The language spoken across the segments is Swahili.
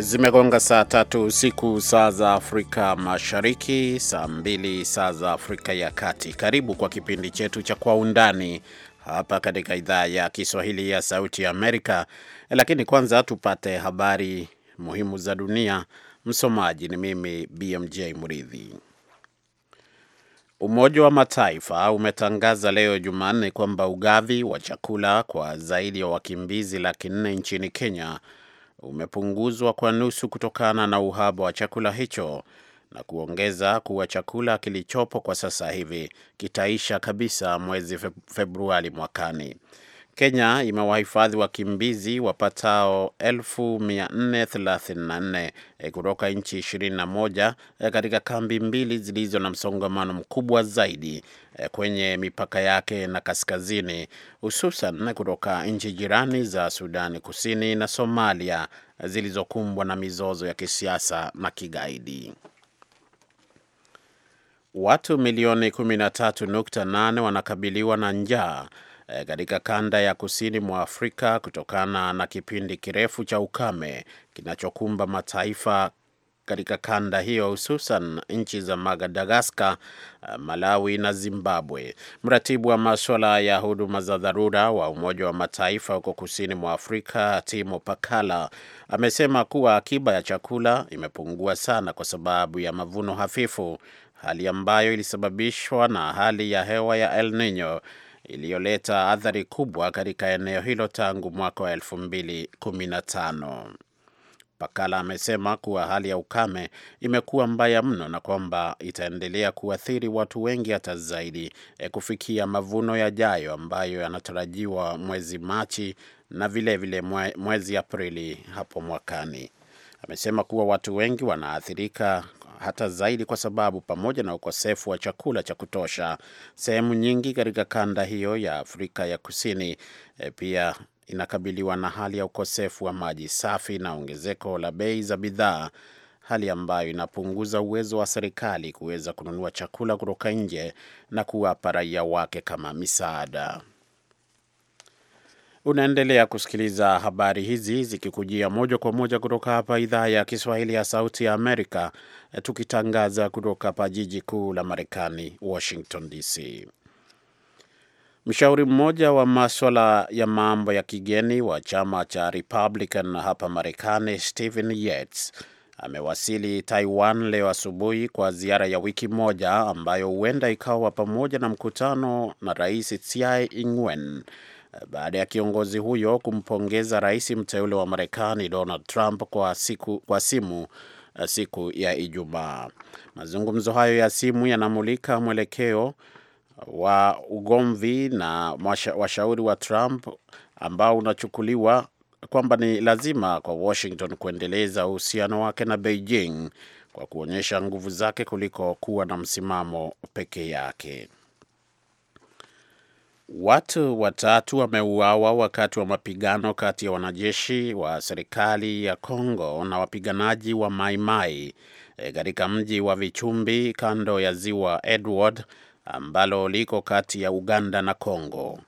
Zimegonga saa tatu usiku saa za Afrika Mashariki, saa mbili saa za Afrika ya Kati. Karibu kwa kipindi chetu cha Kwa Undani hapa katika idhaa ya Kiswahili ya Sauti ya Amerika. Lakini kwanza tupate habari muhimu za dunia. Msomaji ni mimi BMJ Muridhi. Umoja wa Mataifa umetangaza leo Jumanne kwamba ugavi wa chakula kwa zaidi ya wakimbizi laki nne nchini Kenya umepunguzwa kwa nusu kutokana na uhaba wa chakula hicho na kuongeza kuwa chakula kilichopo kwa sasa hivi kitaisha kabisa mwezi Februari mwakani. Kenya imewahifadhi wakimbizi wapatao 434 e, kutoka nchi 21 e, katika kambi mbili zilizo na msongamano mkubwa zaidi e, kwenye mipaka yake na kaskazini, hususan kutoka nchi jirani za Sudani Kusini na Somalia zilizokumbwa na mizozo ya kisiasa na kigaidi. Watu milioni 13.8 wanakabiliwa na njaa Eh, katika kanda ya kusini mwa Afrika kutokana na kipindi kirefu cha ukame kinachokumba mataifa katika kanda hiyo hususan nchi za Madagaskar, eh, Malawi na Zimbabwe. Mratibu wa maswala ya huduma za dharura wa Umoja wa Mataifa huko kusini mwa Afrika, Timo Pakala, amesema kuwa akiba ya chakula imepungua sana kwa sababu ya mavuno hafifu, hali ambayo ilisababishwa na hali ya hewa ya El Nino iliyoleta athari kubwa katika eneo hilo tangu mwaka wa 2015. Pakala amesema kuwa hali ya ukame imekuwa mbaya mno na kwamba itaendelea kuathiri watu wengi hata zaidi e, kufikia mavuno yajayo ambayo yanatarajiwa mwezi Machi na vilevile vile mwezi Aprili hapo mwakani. Amesema kuwa watu wengi wanaathirika hata zaidi, kwa sababu pamoja na ukosefu wa chakula cha kutosha, sehemu nyingi katika kanda hiyo ya Afrika ya Kusini e, pia inakabiliwa na hali ya ukosefu wa maji safi na ongezeko la bei za bidhaa, hali ambayo inapunguza uwezo wa serikali kuweza kununua chakula kutoka nje na kuwapa raia wake kama misaada. Unaendelea kusikiliza habari hizi zikikujia moja kwa moja kutoka hapa idhaa ya Kiswahili ya Sauti ya Amerika, tukitangaza kutoka hapa jiji kuu la Marekani, Washington DC. Mshauri mmoja wa maswala ya mambo ya kigeni wa chama cha Republican hapa Marekani, Stephen Yates amewasili Taiwan leo asubuhi kwa ziara ya wiki moja ambayo huenda ikawa pamoja na mkutano na Rais Tsai Ing-wen baada ya kiongozi huyo kumpongeza rais mteule wa Marekani Donald Trump kwa, siku, kwa simu eh, siku ya Ijumaa. Mazungumzo hayo ya simu yanamulika mwelekeo eh, wa ugomvi na washauri wa Trump ambao unachukuliwa kwamba ni lazima kwa Washington kuendeleza uhusiano wake na Beijing kwa kuonyesha nguvu zake kuliko kuwa na msimamo peke yake. Watu watatu wameuawa wakati wa mapigano kati ya wanajeshi wa serikali ya Kongo na wapiganaji wa Maimai e, katika e, mji wa Vichumbi kando ya ziwa Edward ambalo liko kati ya Uganda na Kongo.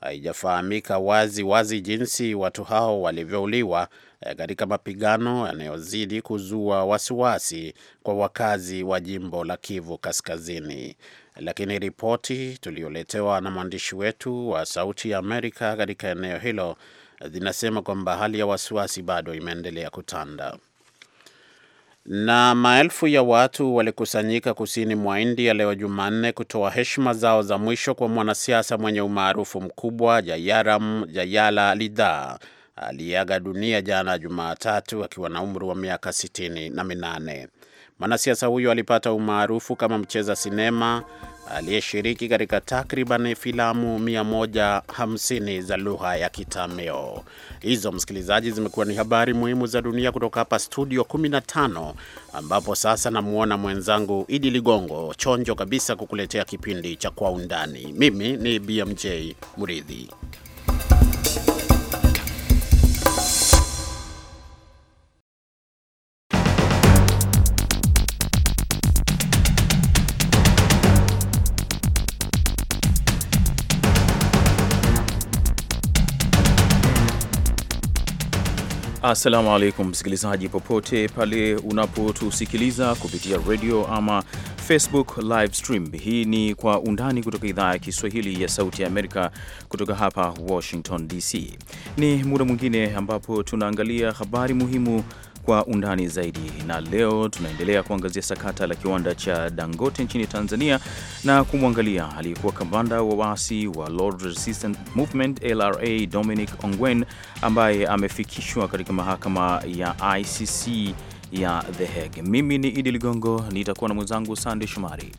Haijafahamika wazi wazi jinsi watu hao walivyouliwa e, katika e, mapigano yanayozidi kuzua wasiwasi kwa wakazi wa jimbo la Kivu Kaskazini lakini ripoti tulioletewa na mwandishi wetu wa Sauti ya Amerika katika eneo hilo zinasema kwamba hali ya wasiwasi bado imeendelea kutanda na maelfu ya watu walikusanyika kusini mwa India leo Jumanne kutoa heshima zao za mwisho kwa mwanasiasa mwenye umaarufu mkubwa Jayaram jayala lidha aliyeaga dunia jana Jumatatu akiwa na umri wa miaka sitini na minane. Mwanasiasa huyo alipata umaarufu kama mcheza sinema aliyeshiriki katika takriban filamu 150 za lugha ya kitameo Hizo msikilizaji, zimekuwa ni habari muhimu za dunia kutoka hapa studio 15, ambapo sasa namwona mwenzangu Idi Ligongo chonjo kabisa kukuletea kipindi cha Kwa Undani. Mimi ni BMJ Muridhi. Assalamu alaikum msikilizaji, popote pale unapotusikiliza kupitia radio ama Facebook live stream. Hii ni Kwa Undani kutoka idhaa ya Kiswahili ya Sauti ya Amerika, kutoka hapa Washington DC. Ni muda mwingine ambapo tunaangalia habari muhimu kwa undani zaidi, na leo tunaendelea kuangazia sakata la kiwanda cha Dangote nchini Tanzania na kumwangalia aliyekuwa kamanda wa waasi wa Lord Resistance Movement LRA Dominic Ongwen ambaye amefikishwa katika mahakama ya ICC ya The Hague. Mimi ni Idi Ligongo, nitakuwa na mwenzangu Sande Shomari.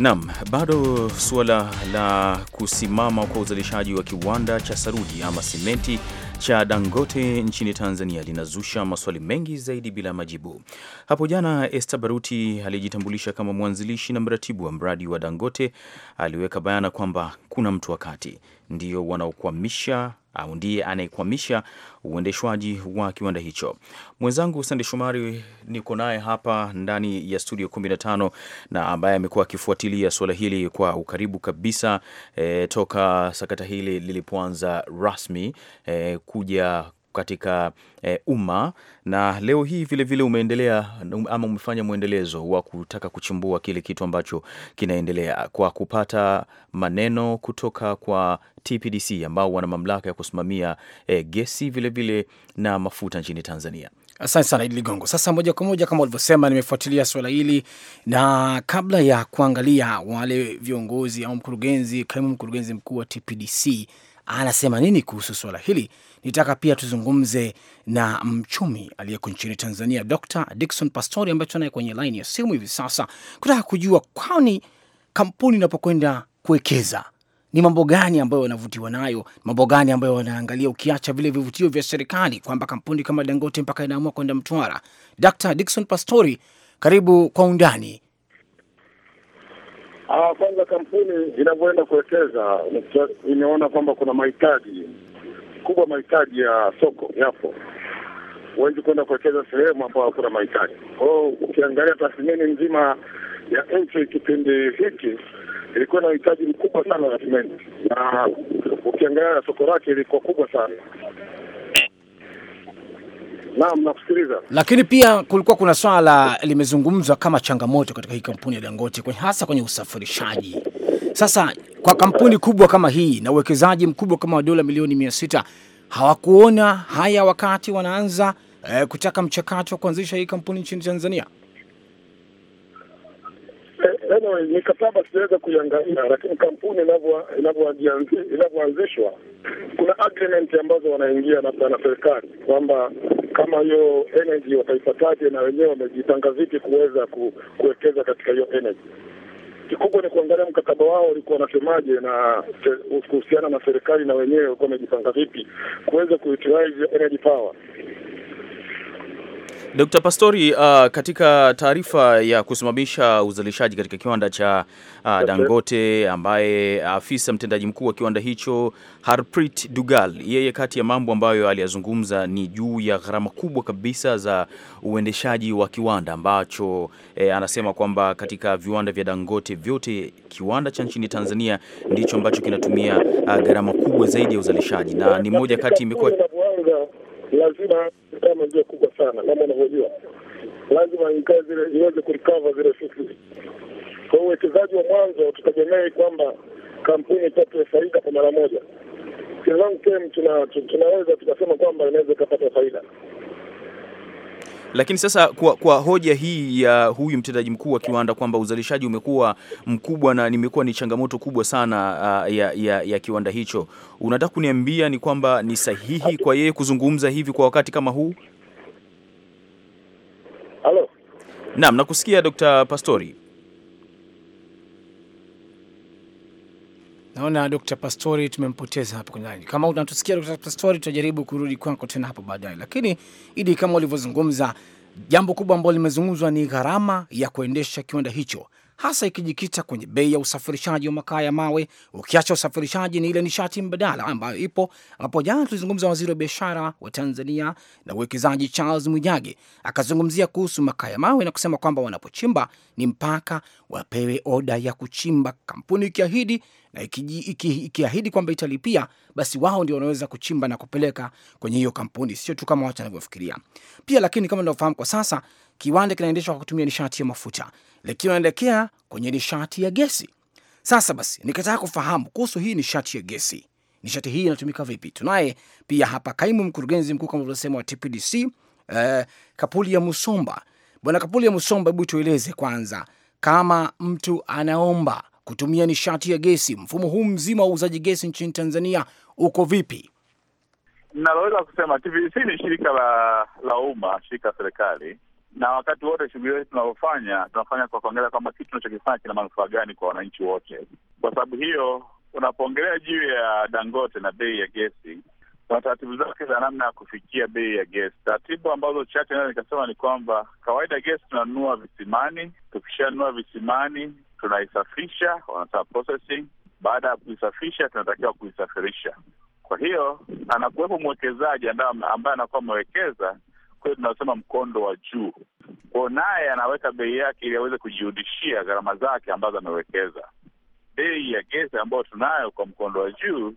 Naam, bado suala la kusimama kwa uzalishaji wa kiwanda cha saruji ama simenti cha Dangote nchini Tanzania linazusha maswali mengi zaidi bila majibu. Hapo jana Esther Baruti alijitambulisha kama mwanzilishi na mratibu wa mradi wa Dangote, aliweka bayana kwamba kuna mtu wa kati ndio wanaokwamisha au ndiye anayekwamisha uendeshwaji wa kiwanda hicho. Mwenzangu Sande Shomari niko naye hapa ndani ya studio 15 na ambaye amekuwa akifuatilia suala hili kwa ukaribu kabisa e, toka sakata hili lilipoanza rasmi e, kuja katika e, umma na leo hii vilevile vile umeendelea ama umefanya mwendelezo wa kutaka kuchimbua kile kitu ambacho kinaendelea kwa kupata maneno kutoka kwa TPDC ambao wana mamlaka ya kusimamia e, gesi vilevile vile na mafuta nchini Tanzania. Asante sana Idi Ligongo. Sasa moja kwa moja, kama ulivyosema, nimefuatilia suala hili, na kabla ya kuangalia wale viongozi au mkurugenzi, kaimu mkurugenzi mkuu wa TPDC anasema nini kuhusu suala hili. Nitaka pia tuzungumze na mchumi aliyeko nchini Tanzania, Dr dikson Pastori ambaye tunaye kwenye laini ya simu hivi sasa, kutaka kujua kwani kampuni inapokwenda kuwekeza ni mambo gani ambayo wanavutiwa nayo, mambo gani ambayo wanaangalia, ukiacha vile vivutio vya serikali kwamba kampuni kama Dangote mpaka inaamua kwenda Mtwara. Dr dikson Pastori, karibu kwa undani. Ah, kwanza kampuni inavyoenda kuwekeza imeona kwamba kuna mahitaji kubwa, mahitaji ya soko yapo, huwezi kwenda kuwekeza sehemu ambayo hakuna mahitaji. Kwa hiyo ukiangalia tathmini nzima ya nchi kipindi hiki ilikuwa na uhitaji mkubwa sana wa simenti, na ukiangalia soko lake ilikuwa kubwa sana Naam, nasikiliza. Lakini pia kulikuwa kuna swala limezungumzwa kama changamoto katika hii kampuni ya Dangote kwenye, hasa kwenye usafirishaji. Sasa kwa kampuni kubwa kama hii na uwekezaji mkubwa kama wa dola milioni mia sita hawakuona haya wakati wanaanza eh, kutaka mchakato wa kuanzisha hii kampuni nchini Tanzania? Eh, anyway, mikataba siweza kuiangalia, lakini kampuni inavyoanzishwa kuna agreement ambazo wanaingia na serikali kwamba kama hiyo energy wataipataje, na wenyewe wamejipanga vipi kuweza kuwekeza katika hiyo energy. Kikubwa ni kuangalia mkataba wao ulikuwa wanasemaje, na kuhusiana na serikali na wenyewe walikuwa wamejipanga vipi kuweza kuutilize energy power. Dr. Pastori, uh, katika taarifa ya kusimamisha uzalishaji katika kiwanda cha uh, Dangote ambaye afisa mtendaji mkuu wa kiwanda hicho Harpreet Dugal, yeye kati ya mambo ambayo aliyazungumza ni juu ya gharama kubwa kabisa za uendeshaji wa kiwanda ambacho eh, anasema kwamba katika viwanda vya Dangote vyote kiwanda cha nchini Tanzania ndicho ambacho kinatumia uh, gharama kubwa zaidi ya uzalishaji na ni moja kati imekuwa lazima kama ndio kubwa sana, kama unavyojua, lazima ikae zile iweze kurikava zile shughuli. Kwa hiyo uwekezaji wa mwanzo tutegemei kwamba kampuni ipate faida kwa mara moja. Long term tunaweza tukasema kwamba inaweza ikapata faida. Lakini sasa kwa, kwa hoja hii ya uh, huyu mtendaji mkuu wa kiwanda kwamba uzalishaji umekuwa mkubwa na nimekuwa ni changamoto kubwa sana uh, ya, ya, ya kiwanda hicho, unataka kuniambia ni kwamba ni sahihi kwa yeye kuzungumza hivi kwa wakati kama huu? Halo, naam, nakusikia Dr. Pastori. Naona Dr. Pastori tumempoteza hapo kwenye Kama unatusikia Dr. Pastori, tutajaribu kurudi kwako tena hapo baadaye, lakini Idi, kama ulivyozungumza, jambo kubwa ambalo limezungumzwa ni gharama ya kuendesha kiwanda hicho, hasa ikijikita kwenye bei ya usafirishaji wa makaa ya mawe. Ukiacha usafirishaji, ni ile nishati mbadala ambayo ipo, ambapo jana tulizungumza waziri wa biashara wa Tanzania na uwekezaji Charles Mwijage akazungumzia kuhusu makaa ya mawe na kusema kwamba wanapochimba ni mpaka wapewe oda ya kuchimba, kampuni ikiahidi na ikiahidi iki, iki kwamba italipia, basi wao ndio wanaweza kuchimba na kupeleka kwenye hiyo kampuni, sio tu kama watu wanavyofikiria pia. Lakini kama unavyofahamu kwa sasa kiwanda kinaendeshwa kwa kutumia nishati ya mafuta, lakini wanaelekea kwenye nishati ya gesi. Sasa basi, nikataka kufahamu kuhusu hii nishati ya gesi, nishati hii inatumika vipi? Tunaye pia hapa kaimu mkurugenzi mkuu kama ulivyosema wa TPDC eh, Kapuli ya Musomba. Bwana Kapuli ya Musomba, hebu tueleze kwanza, kama mtu anaomba kutumia nishati ya gesi. Mfumo huu mzima wa uuzaji gesi nchini Tanzania uko vipi? Naloweza kusema TVC ni shirika la la umma, shirika la serikali, na wakati wote shughuli zetu tunazofanya tunafanya kwa kuangalia kwamba kitu tunachokifanya kina manufaa gani kwa wananchi wote. Kwa sababu hiyo, unapoongelea juu ya Dangote na bei ya gesi, kuna taratibu zake za namna ya kufikia bei ya gesi. Taratibu ambazo chache naweza nikasema ni kwamba kawaida gesi tunanunua visimani, tukishanunua visimani tunaisafisha, wanasema processing. Baada ya kuisafisha, tunatakiwa kuisafirisha. Kwa hiyo anakuwepo mwekezaji ambaye anakuwa amewekeza kwao, tunasema mkondo wa juu kwao, naye anaweka bei yake ili aweze kujihudishia gharama zake ambazo amewekeza. Bei ya gesi ambayo tunayo kwa mkondo wa juu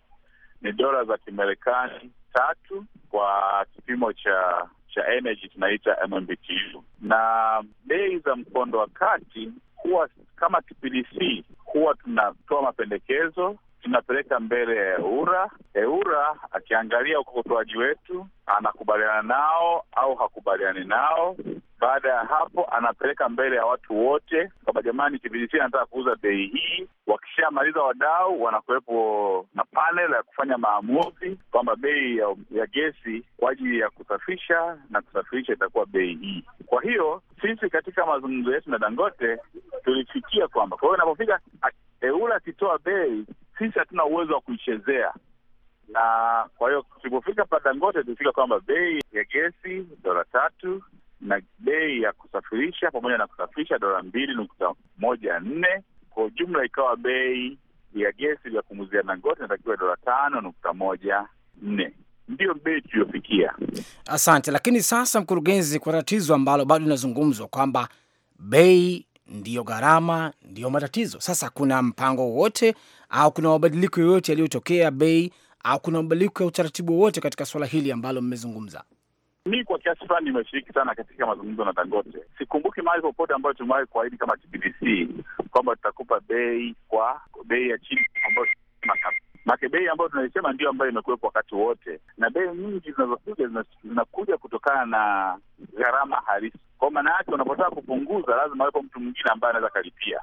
ni dola za Kimarekani tatu kwa kipimo cha cha energy tunaita MMBTU, na bei za mkondo wa kati kuwa kama TPDC huwa tunatoa mapendekezo tunapeleka mbele ya EURA. EURA akiangalia ukokotoaji wetu anakubaliana nao au hakubaliani nao, baada ya hapo, anapeleka mbele ya watu wote kwamba jamani, kipindi anataka kuuza bei hii. Wakishamaliza wadau wanakuwepo na panel ya kufanya maamuzi kwamba bei ya, ya gesi kwa ajili ya kusafisha na kusafirisha itakuwa bei hii. Kwa hiyo sisi katika mazungumzo yetu na Dangote tulifikia kwamba, kwa hiyo inapofika EURA akitoa bei, sisi hatuna uwezo wa kuichezea na kwa hiyo tulipofika pa Dangote tulifika kwamba bei ya gesi dola tatu na bei ya kusafirisha pamoja na kusafirisha dola mbili nukta moja nne kwa ujumla, ikawa bei ya gesi vya kumuzia Dangote inatakiwa dola tano nukta moja nne ndiyo bei tuliyofikia. Asante. Lakini sasa, mkurugenzi, kwa tatizo ambalo bado linazungumzwa kwamba bei ndiyo gharama ndiyo matatizo. Sasa kuna mpango wowote au kuna mabadiliko yoyote yaliyotokea bei au kuna mabadiliko ya utaratibu wowote katika suala hili ambalo mmezungumza? Mi kwa kiasi fulani nimeshiriki sana katika mazungumzo na Dangote. Sikumbuki mahali popote ambayo tumewahi kuahidi kama TPDC kwamba tutakupa bei kwa bei ya chini ambayo make bei ambayo tunaisema ndio ambayo imekuwepo wakati wote, na bei nyingi zinazokuja zinakuja kutokana na gharama halisi. Kwa maana yake, unapotaka kupunguza, lazima wepo mtu mwingine ambaye anaweza akalipia.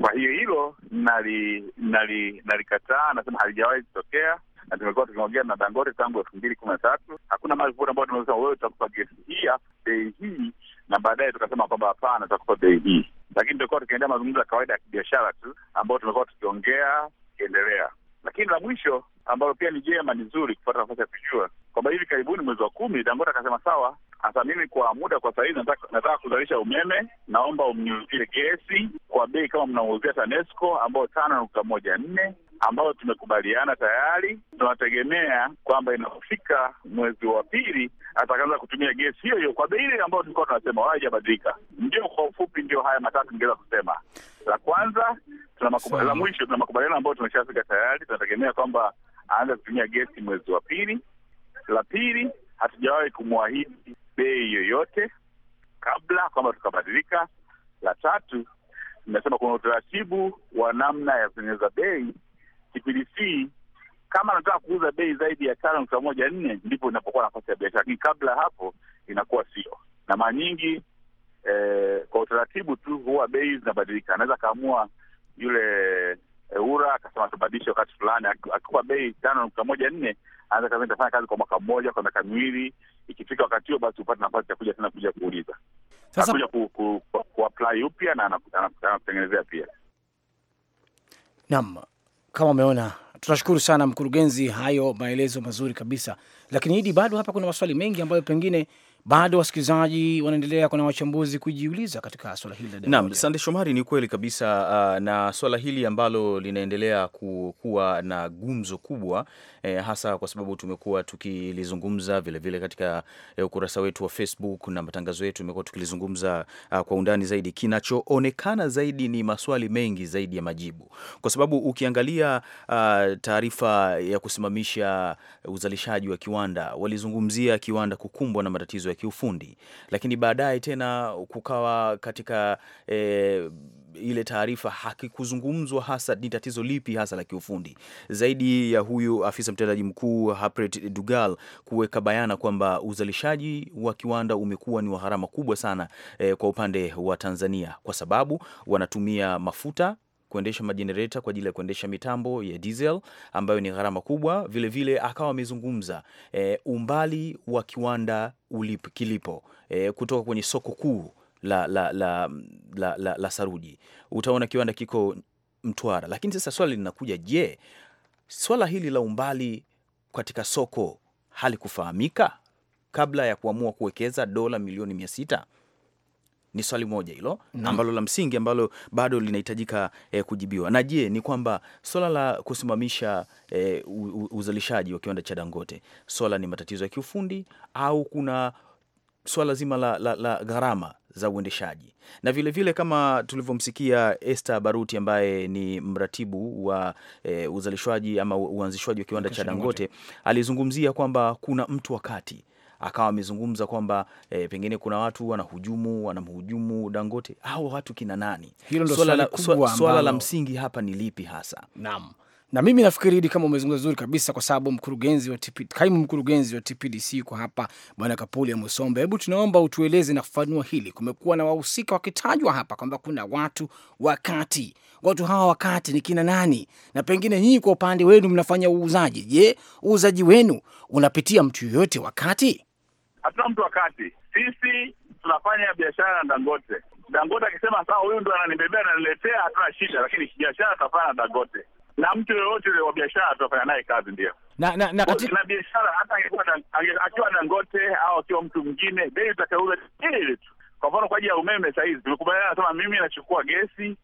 Kwa hiyo hilo nalikataa, nali, nali nasema halijawahi kutokea na tumekuwa tukiongea na Dangote tangu elfu mbili kumi na tatu. Hakuna mahali popote ambao tumesema wewe tutakupa gesi hii bei hii, na baadaye tukasema kwamba hapana, tutakupa bei hii, lakini tumekuwa tukiendea mazungumzo ya kawaida ya kibiashara tu ambayo tumekuwa tukiongea tukiendelea. Lakini la mwisho ambalo pia ni jema, ni zuri kupata nafasi ya kujua kwamba hivi karibuni mwezi wa kumi Dangote akasema sawa, Hasa mimi kwa muda kwa sahizi nataka, nataka kuzalisha umeme, naomba umnyuzie gesi kwa bei kama mnauzia TANESCO ambayo tano nukta moja nne ambayo tumekubaliana tayari. Tunategemea kwamba inapofika mwezi wa pili atakaanza kutumia gesi hiyo hiyo kwa bei ile ambayo tulikuwa tunasema, wala haijabadilika. Ndio, kwa ufupi, ndio haya matatu ningeweza kusema. La kwanza tuna makubaliano, la mwisho tuna makubaliano ambayo tumeshafika tayari, tunategemea kwamba aanze kutumia gesi mwezi wa pili. La pili hatujawahi kumwahidi bei yoyote kabla kwamba tukabadilika. La tatu, inasema kuna utaratibu wa namna ya kutengeneza bei kipindi Kama anataka kuuza bei zaidi ya tano nukta moja nne ndipo inapokuwa nafasi ya biashara, lakini kabla hapo inakuwa sio. Na mara nyingi eh, kwa utaratibu tu huwa bei zinabadilika. Anaweza akaamua yule Eura akasema tubadilishe wakati fulani, akiwa bei tano nukta moja nne anaweza kazi kwa mwaka mmoja, kwa miaka miwili. Ikifika wakati huo, basi upate nafasi ya kuja tena kuja kuuliza, kuja kuapply upya, na anakutengenezea pia. Naam, kama umeona Tunashukuru sana mkurugenzi, hayo maelezo mazuri kabisa. Lakini hidi bado hapa kuna maswali mengi ambayo pengine bado wasikilizaji wanaendelea, kuna wachambuzi kujiuliza katika swala hili la naam. Sande Shomari, ni kweli kabisa uh, na swala hili ambalo linaendelea kuwa na gumzo kubwa eh, hasa kwa sababu tumekuwa tukilizungumza vilevile katika eh, ukurasa wetu wa Facebook na matangazo yetu tumekuwa tukilizungumza uh, kwa undani zaidi. Kinachoonekana zaidi ni maswali mengi zaidi ya majibu, kwa sababu ukiangalia uh, taarifa ya kusimamisha uzalishaji wa kiwanda, walizungumzia kiwanda kukumbwa na matatizo za kiufundi, lakini baadaye tena kukawa katika e, ile taarifa hakikuzungumzwa hasa ni tatizo lipi hasa la kiufundi zaidi ya huyu afisa mtendaji mkuu Harpreet Dugal kuweka bayana kwamba uzalishaji wa kiwanda umekuwa ni wa gharama kubwa sana e, kwa upande wa Tanzania kwa sababu wanatumia mafuta kuendesha majenereta kwa ajili ya kuendesha mitambo ya diesel ambayo ni gharama kubwa. Vilevile vile, akawa amezungumza e, umbali wa kiwanda ulip, kilipo e, kutoka kwenye soko kuu la, la, la, la, la, la saruji. Utaona kiwanda kiko Mtwara, lakini sasa swali linakuja, je, swala hili la umbali katika soko halikufahamika kabla ya kuamua kuwekeza dola milioni mia sita? Ni swali moja hilo mm. ambalo la msingi ambalo bado linahitajika eh, kujibiwa. Na je, ni kwamba swala la kusimamisha eh, uzalishaji wa kiwanda cha Dangote swala ni matatizo ya kiufundi au kuna swala zima la, la, la gharama za uendeshaji na vilevile vile kama tulivyomsikia Esther Baruti ambaye ni mratibu wa e, eh, uzalishwaji ama uanzishwaji wa kiwanda cha Dangote, alizungumzia kwamba kuna mtu wakati akawa amezungumza kwamba e, pengine kuna watu wanahujumu wanamhujumu Dangote. Hawa watu kina nani? Hilo swala, swala la msingi hapa ni lipi hasa? Naam na mimi nafikiri hidi kama umezungumza vizuri kabisa, kwa sababu mkurugenzi wa TP, kaimu mkurugenzi wa TPDC yuko hapa, bwana Kapuli ya Musombe. Hebu tunaomba utueleze na kufafanua hili. Kumekuwa na wahusika wakitajwa hapa kwamba kuna watu wakati, watu hawa wakati ni kina nani? Na pengine nyinyi kwa upande wenu mnafanya uuzaji. Je, uuzaji wenu unapitia mtu yoyote wakati? hatuna mtu wakati Sisi tunafanya biashara na Dangote. Dangote akisema sawa, huyu ndo ananibebea ananiletea, hatuna shida, lakini biashara tutafanya na Dangote na mtu yoyote ule wa biashara tutafanya naye kazi, ndio na na na na biashara hata akiwa Dangote au akiwa mtu mwingine, bei utakayouza ile tu. Kwa mfano kwa ajili ya umeme, saa hizi nasema mimi nachukua gesi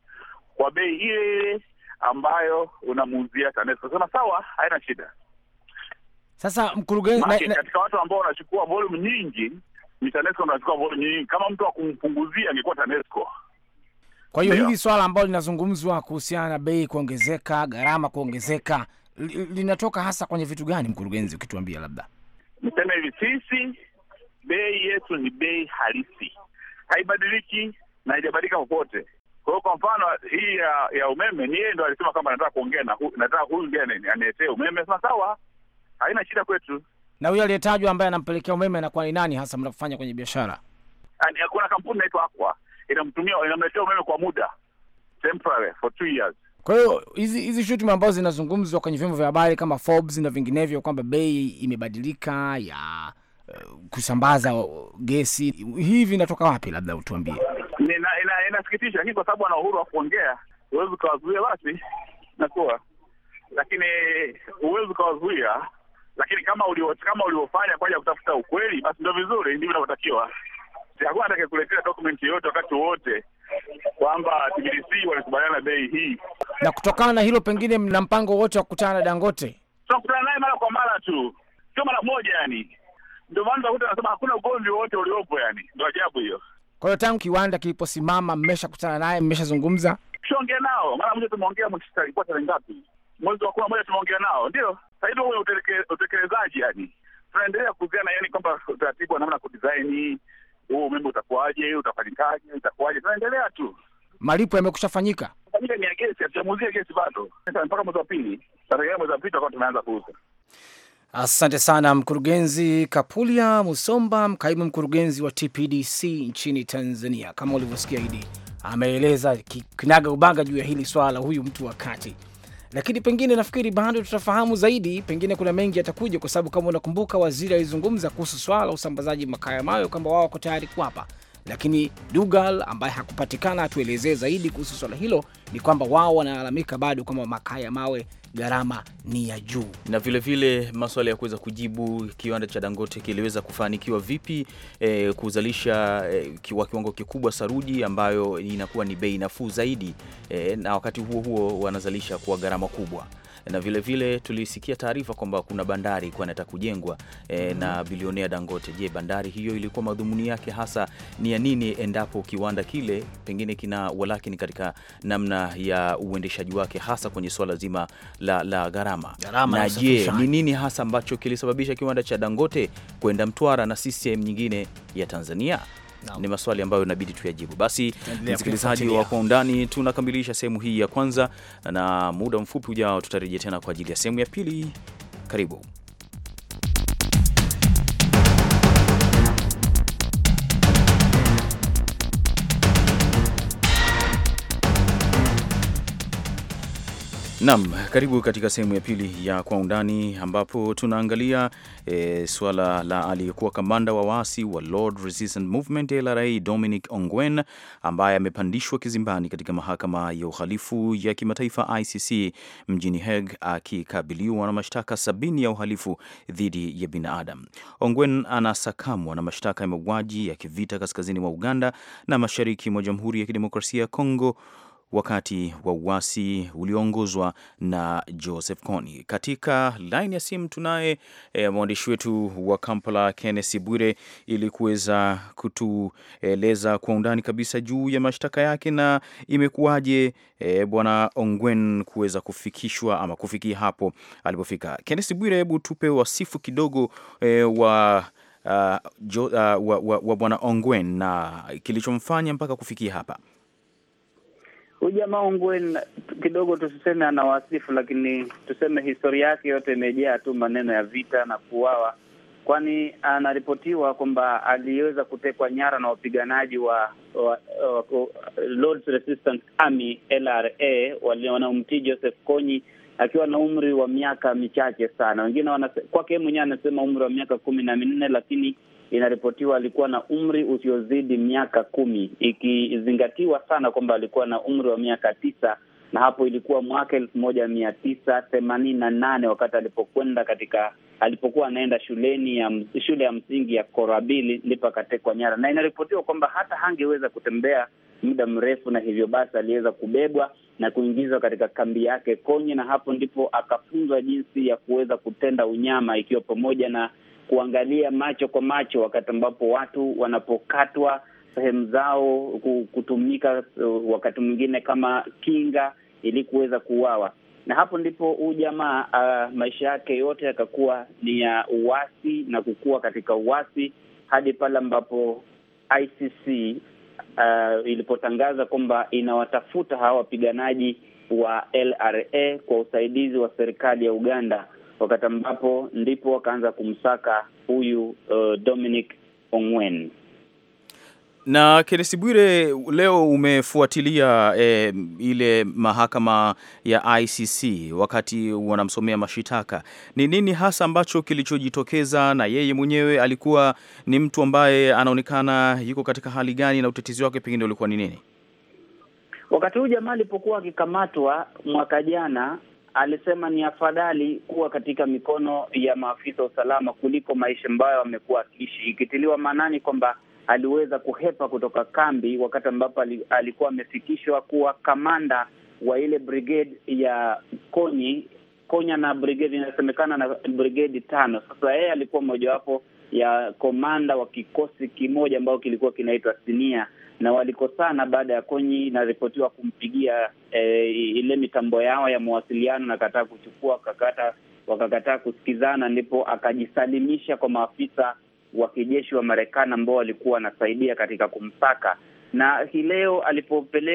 kwa bei ile ile ambayo unamuuzia TANESCO. Sema sawa, haina shida. Sasa mkurugenzi, katika watu ambao wanachukua volume nyingi ni TANESCO, anachukua volume nyingi. Kama mtu akumpunguzia angekuwa TANESCO. Kwa hiyo hili swala ambalo linazungumzwa kuhusiana na bei kuongezeka, gharama kuongezeka, linatoka hasa kwenye vitu gani, mkurugenzi, ukituambia labda? Niseme hivi, sisi bei yetu ni bei halisi, haibadiliki na haijabadilika popote. Kwa hiyo kwa mfano hii ya, ya umeme ni yeye ndo alisema kama nataka kuongea nataka huyu ndiye aniletee umeme. sawa haina shida kwetu. Na huyo aliyetajwa ambaye anampelekea umeme anakuwa ni nani hasa mnafanya kwenye biashara? Yaani, Kuna kampuni inaitwa Aqua inamtumia inamletea umeme kwa muda temporary for two years. Kwa hiyo hizi hizi shutuma ambazo zinazungumzwa kwenye vyombo vya habari kama Forbes na vinginevyo kwamba bei imebadilika ya uh, kusambaza gesi hivi vinatoka wapi? Labda utuambie. Inasikitisha, lakini kwa sababu ana uhuru wa kuongea, huwezi ukawazuia basi nakuwa, lakini huwezi ukawazuia lakini kama ulio, kama uliofanya kwa ajili ya kutafuta ukweli, basi ndio vizuri, ndivyo inavyotakiwa. Hakuna atakayekuletea document yoyote wakati wowote kwamba TBC walikubaliana na bei hii. Na kutokana na hilo, pengine mna mpango wote wa kukutana na Dangote? Tunakutana naye mara kwa mara tu, sio mara moja. Yani ndio maana utakuta anasema hakuna ugomvi wowote uliopo, yani ndio ajabu hiyo. Kwa hiyo tangu kiwanda kiliposimama, mmeshakutana naye, mmeshazungumza? Tushaongea nao mara moja, tumeongea mwezi, alikuwa tarehe ngapi? Mwezi wa kumi na moja tumeongea nao, ndio sasa huwe utekelezaji yani tunaendelea kuuziana, yani kwamba utaratibu wa namna kudesign huu umeme utakuaje utafanyikaje, itakuaje tunaendelea tu. Malipo yamekusha fanyika fanyika, ni ya gesi, hatujamuuzia gesi bado, mpaka mwezi wa pili sasa, mwezi wa pili tutakuwa tumeanza kuuza. Asante sana Mkurugenzi Kapulia Musomba, mkaimu mkurugenzi wa TPDC nchini Tanzania. Kama ulivyosikia Idi ameeleza kinaga ubaga juu ya hili swala, huyu mtu wa kati lakini pengine nafikiri bado tutafahamu zaidi, pengine kuna mengi yatakuja, kwa sababu kama unakumbuka, waziri alizungumza kuhusu swala la usambazaji makaa ya mawe kwamba wao wako tayari kuwapa lakini Dugal ambaye hakupatikana atuelezee zaidi kuhusu swala hilo, ni kwamba wao wanalalamika bado kwamba makaa ya mawe gharama ni ya juu, na vilevile masuala ya kuweza kujibu kiwanda cha Dangote kiliweza kufanikiwa vipi eh, kuzalisha eh, kwa kiwango kikubwa saruji ambayo inakuwa ni bei nafuu zaidi eh, na wakati huo huo wanazalisha kwa gharama kubwa na vilevile vile tulisikia taarifa kwamba kuna bandari kwa nata kujengwa e, na bilionea Dangote. Je, bandari hiyo ilikuwa madhumuni yake hasa ni ya nini, endapo kiwanda kile pengine kina walakini katika namna ya uendeshaji wake, hasa kwenye swala zima la, la gharama. Na je ni nini hasa ambacho kilisababisha kiwanda cha Dangote kwenda Mtwara na si sehemu nyingine ya Tanzania? ni maswali ambayo inabidi tuyajibu. Basi msikilizaji wa kwa undani, tunakamilisha sehemu hii ya kwanza, na muda mfupi ujao tutarejea tena kwa ajili ya sehemu ya pili. Karibu. Naam, karibu katika sehemu ya pili ya Kwa Undani, ambapo tunaangalia e, suala la aliyekuwa kamanda wa waasi wa Lord Resistance Movement eh, LRA Dominic Ongwen ambaye amepandishwa kizimbani katika mahakama ya uhalifu ya kimataifa ICC mjini Hague akikabiliwa na mashtaka sabini ya uhalifu dhidi ya binadamu. Ongwen anasakamwa na mashtaka ya mauaji ya kivita kaskazini mwa Uganda na mashariki mwa Jamhuri ya Kidemokrasia ya Kongo wakati wa uasi ulioongozwa na Joseph Kony. Katika laini ya simu tunaye e, mwandishi wetu wa Kampala kennesi Bwire ili kuweza kutueleza kwa undani kabisa juu ya mashtaka yake na imekuwaje e, bwana Ongwen kuweza kufikishwa ama kufikia hapo alipofika. kennesi Bwire, hebu tupe wasifu kidogo e, wa Uh, jo, uh, wa, wa, wa Bwana Ongwen na kilichomfanya mpaka kufikia hapa. Huyu jamaa Ongwen kidogo, tusiseme wasifu lakini tuseme historia yake yote imejaa tu maneno ya vita na kuuawa, kwani anaripotiwa kwamba aliweza kutekwa nyara na wapiganaji wa, wa, wa, wa Lord's Resistance Army LRA wanaomtii Joseph Kony akiwa na umri wa miaka michache sana. Wengine kwake mwenyewe anasema umri wa miaka kumi na minne, lakini inaripotiwa alikuwa na umri usiozidi miaka kumi, ikizingatiwa sana kwamba alikuwa na umri wa miaka tisa na hapo ilikuwa mwaka elfu moja mia tisa themanini na nane wakati alipokwenda katika alipokuwa anaenda shuleni ya shule ya msingi ya Korabili ndipo akatekwa nyara, na inaripotiwa kwamba hata hangeweza kutembea muda mrefu, na hivyo basi aliweza kubebwa na kuingizwa katika kambi yake Konye, na hapo ndipo akafunzwa jinsi ya kuweza kutenda unyama, ikiwa pamoja na kuangalia macho kwa macho wakati ambapo watu wanapokatwa sehemu zao, kutumika uh, wakati mwingine kama kinga ili kuweza kuuawa. Na hapo ndipo huu jamaa uh, maisha yake yote yakakuwa ni ya uwasi uasi na kukua katika uasi hadi pale ambapo ICC uh, ilipotangaza kwamba inawatafuta hawa wapiganaji wa LRA kwa usaidizi wa serikali ya Uganda wakati ambapo ndipo wakaanza kumsaka huyu uh, Dominic Ongwen na Kennesi Bwire, leo umefuatilia e, ile mahakama ya ICC wakati wanamsomea mashitaka. Ni nini hasa ambacho kilichojitokeza? Na yeye mwenyewe alikuwa ni mtu ambaye anaonekana yuko katika hali gani, na utetezi wake pengine ulikuwa ni nini? Wakati huu jamaa alipokuwa akikamatwa mwaka jana, alisema ni afadhali kuwa katika mikono ya maafisa wa usalama kuliko maisha ambayo amekuwa akiishi, ikitiliwa maanani kwamba aliweza kuhepa kutoka kambi wakati ambapo alikuwa amefikishwa kuwa kamanda wa ile brigade ya Konyi Konya na brigade inasemekana na brigade tano. Sasa yeye alikuwa mojawapo ya komanda wa kikosi kimoja ambao kilikuwa kinaitwa Sinia, na walikosana baada ya Konyi inaripotiwa kumpigia e, ile mitambo yao ya mawasiliano na kataa kuchukua kakata, wakakataa kusikizana, ndipo akajisalimisha kwa maafisa wa kijeshi wa Marekani ambao walikuwa wanasaidia katika kumsaka na hii leo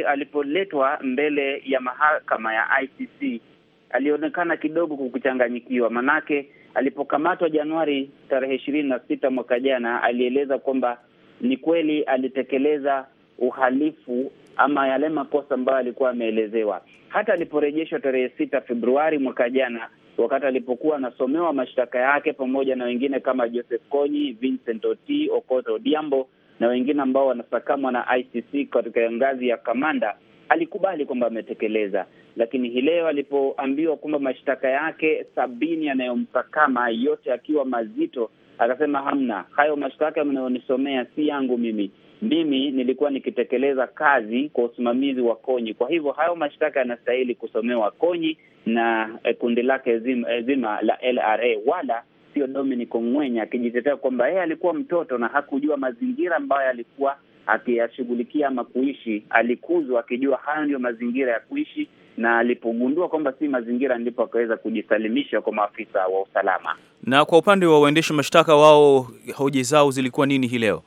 alipoletwa mbele ya mahakama ya ICC alionekana kidogo kukuchanganyikiwa, manake alipokamatwa Januari tarehe ishirini na sita mwaka jana alieleza kwamba ni kweli alitekeleza uhalifu ama yale makosa ambayo alikuwa ameelezewa. Hata aliporejeshwa tarehe sita Februari mwaka jana, wakati alipokuwa anasomewa mashtaka yake pamoja na wengine kama Joseph Konyi, Vincent Oti, Okoth Odiambo na wengine ambao wanasakamwa na ICC katika ngazi ya kamanda, alikubali kwamba ametekeleza. Lakini hii leo alipoambiwa kwamba mashtaka yake sabini yanayomsakama yote akiwa mazito, akasema hamna, hayo mashtaka mnayonisomea si yangu mimi mimi nilikuwa nikitekeleza kazi kwa usimamizi wa Konyi. Kwa hivyo hayo mashtaka yanastahili kusomewa Konyi na eh, kundi lake zima, eh, zima la LRA, wala sio Dominic Ongwenya akijitetea kwamba yeye alikuwa mtoto na hakujua mazingira ambayo alikuwa akiyashughulikia ama kuishi. Alikuzwa akijua hayo ndiyo mazingira ya kuishi, na alipogundua kwamba si mazingira, ndipo akaweza kujisalimisha kwa maafisa wa usalama. Na kwa upande wa waendeshi mashtaka, wao hoja zao zilikuwa nini hii leo?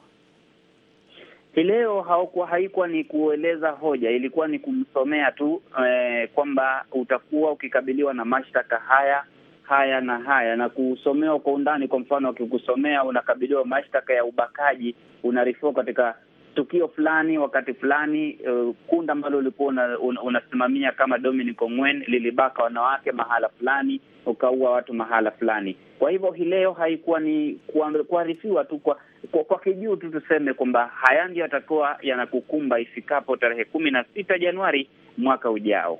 Hii leo haikuwa haikuwa ni kueleza hoja, ilikuwa ni kumsomea tu eh, kwamba utakuwa ukikabiliwa na mashtaka haya haya na haya na kusomewa kwa undani. Kwa mfano, akikusomea unakabiliwa mashtaka ya ubakaji, unarifua katika tukio fulani wakati fulani, uh, eh, kunda ambalo ulikuwa una, una, unasimamia kama Dominic Ongwen lilibaka wanawake mahala fulani, ukaua watu mahala fulani. Kwa hivyo hii leo haikuwa ni kuarifiwa tu kwa kwa, kwa kijuu tu tuseme kwamba haya ndio yatakuwa yanakukumba ifikapo tarehe kumi na sita Januari mwaka ujao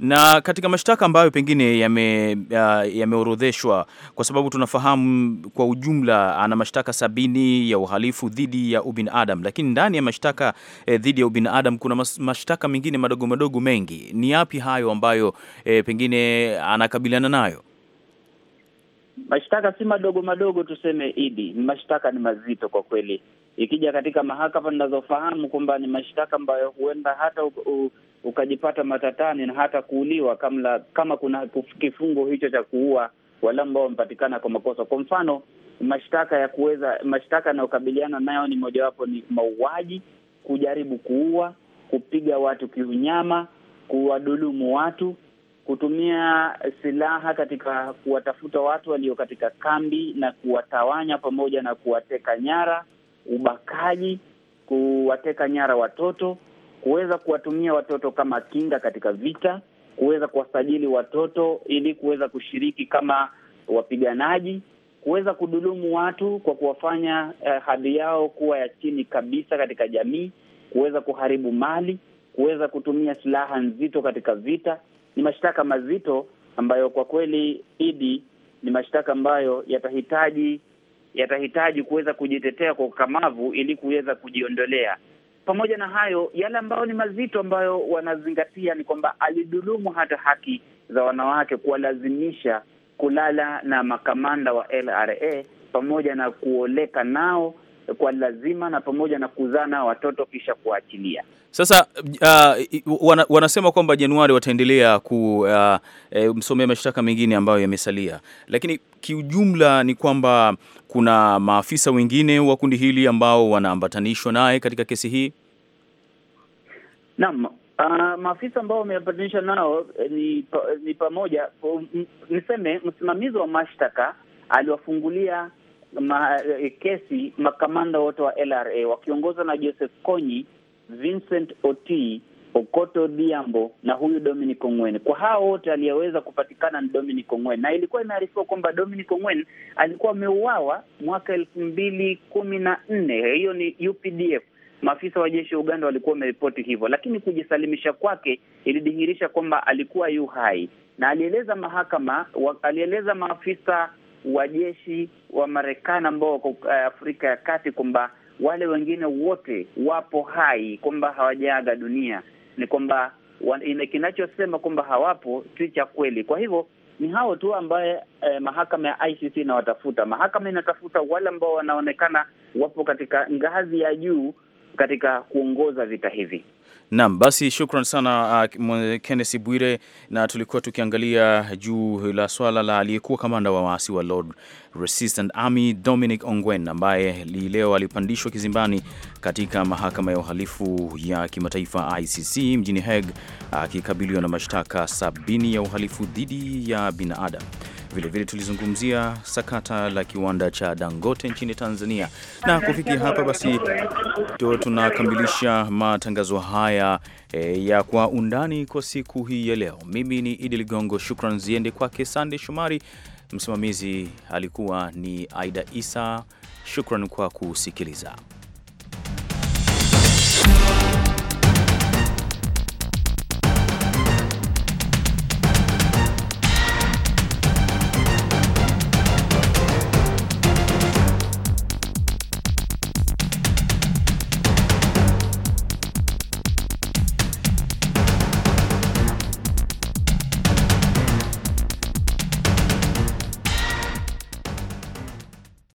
na katika mashtaka ambayo pengine uh, yameorodheshwa yame, kwa sababu tunafahamu kwa ujumla ana mashtaka sabini ya uhalifu dhidi ya ubinadamu, lakini ndani ya mashtaka eh, dhidi ya ubinadamu kuna mashtaka mengine madogo madogo mengi. Ni yapi hayo ambayo eh, pengine anakabiliana nayo? mashtaka si madogo madogo, tuseme idi, ni mashtaka ni mazito kwa kweli. Ikija katika mahakama ninazofahamu kwamba ni mashtaka ambayo huenda hata u, u, ukajipata matatani na hata kuuliwa, kama kama kuna kifungo hicho cha kuua wale ambao wamepatikana kwa makosa. Kwa mfano mashtaka ya kuweza mashtaka yanayokabiliana nayo ni mojawapo ni mauaji, kujaribu kuua, kupiga watu kiunyama, kuwadhulumu watu kutumia silaha katika kuwatafuta watu walio katika kambi na kuwatawanya pamoja na kuwateka nyara, ubakaji, kuwateka nyara watoto, kuweza kuwatumia watoto kama kinga katika vita, kuweza kuwasajili watoto ili kuweza kushiriki kama wapiganaji, kuweza kudhulumu watu kwa kuwafanya eh, hadhi yao kuwa ya chini kabisa katika jamii, kuweza kuharibu mali, kuweza kutumia silaha nzito katika vita ni mashtaka mazito ambayo kwa kweli idi ni mashtaka ambayo yatahitaji yatahitaji kuweza kujitetea kwa ukamavu ili kuweza kujiondolea. Pamoja na hayo, yale ambayo ni mazito ambayo wanazingatia ni kwamba alidhulumu hata haki za wanawake, kuwalazimisha kulala na makamanda wa LRA pamoja na kuoleka nao kwa lazima na pamoja na kuzaa na watoto kisha kuachilia. Sasa uh, wana, wanasema kwamba Januari wataendelea kumsomea uh, eh, mashtaka mengine ambayo yamesalia, lakini kiujumla ni kwamba kuna maafisa wengine wa kundi hili ambao wanaambatanishwa naye katika kesi hii. Naam. Uh, maafisa ambao wameambatanishwa nao eh, ni, ni pamoja um, niseme msimamizi wa mashtaka aliwafungulia ma, eh, kesi makamanda wote wa LRA wakiongozwa na Joseph Konyi, Vincent oti Okoto Diambo na huyu Dominic Ongwen. Kwa hao wote aliyeweza kupatikana ni Dominic Ongwen, na ilikuwa imearifiwa kwamba Dominic Ongwen alikuwa ameuawa mwaka elfu mbili kumi na nne. Hiyo ni UPDF, maafisa wa jeshi wa Uganda walikuwa wameripoti hivyo, lakini kujisalimisha kwake ilidhihirisha kwamba alikuwa yu hai, na alieleza mahakama, alieleza maafisa wajeshi wa Marekani ambao wako eh, Afrika ya Kati kwamba wale wengine wote wapo hai, kwamba hawajaaga dunia, ni kwamba kinachosema kwamba hawapo si cha kweli. Kwa hivyo ni hao tu ambaye eh, mahakama ya ICC inawatafuta. Mahakama inatafuta wale ambao wanaonekana wapo katika ngazi ya juu katika kuongoza vita hivi. Naam, basi shukran sana uh, Kenneth Bwire, na tulikuwa tukiangalia juu la swala la aliyekuwa kamanda wa waasi wa Lord Resistance Army Dominic Ongwen ambaye leo alipandishwa kizimbani katika mahakama ya uhalifu ya kimataifa ICC mjini Hague akikabiliwa uh, na mashtaka sabini ya uhalifu dhidi ya binadamu. Vilevile tulizungumzia sakata la kiwanda cha Dangote nchini Tanzania, na kufikia hapa basi ndio tunakamilisha matangazo haya e, ya kwa undani kwa siku hii ya leo. Mimi ni Idi Ligongo, shukran ziende kwake Sande Shomari, msimamizi alikuwa ni Aida Isa. Shukran kwa kusikiliza.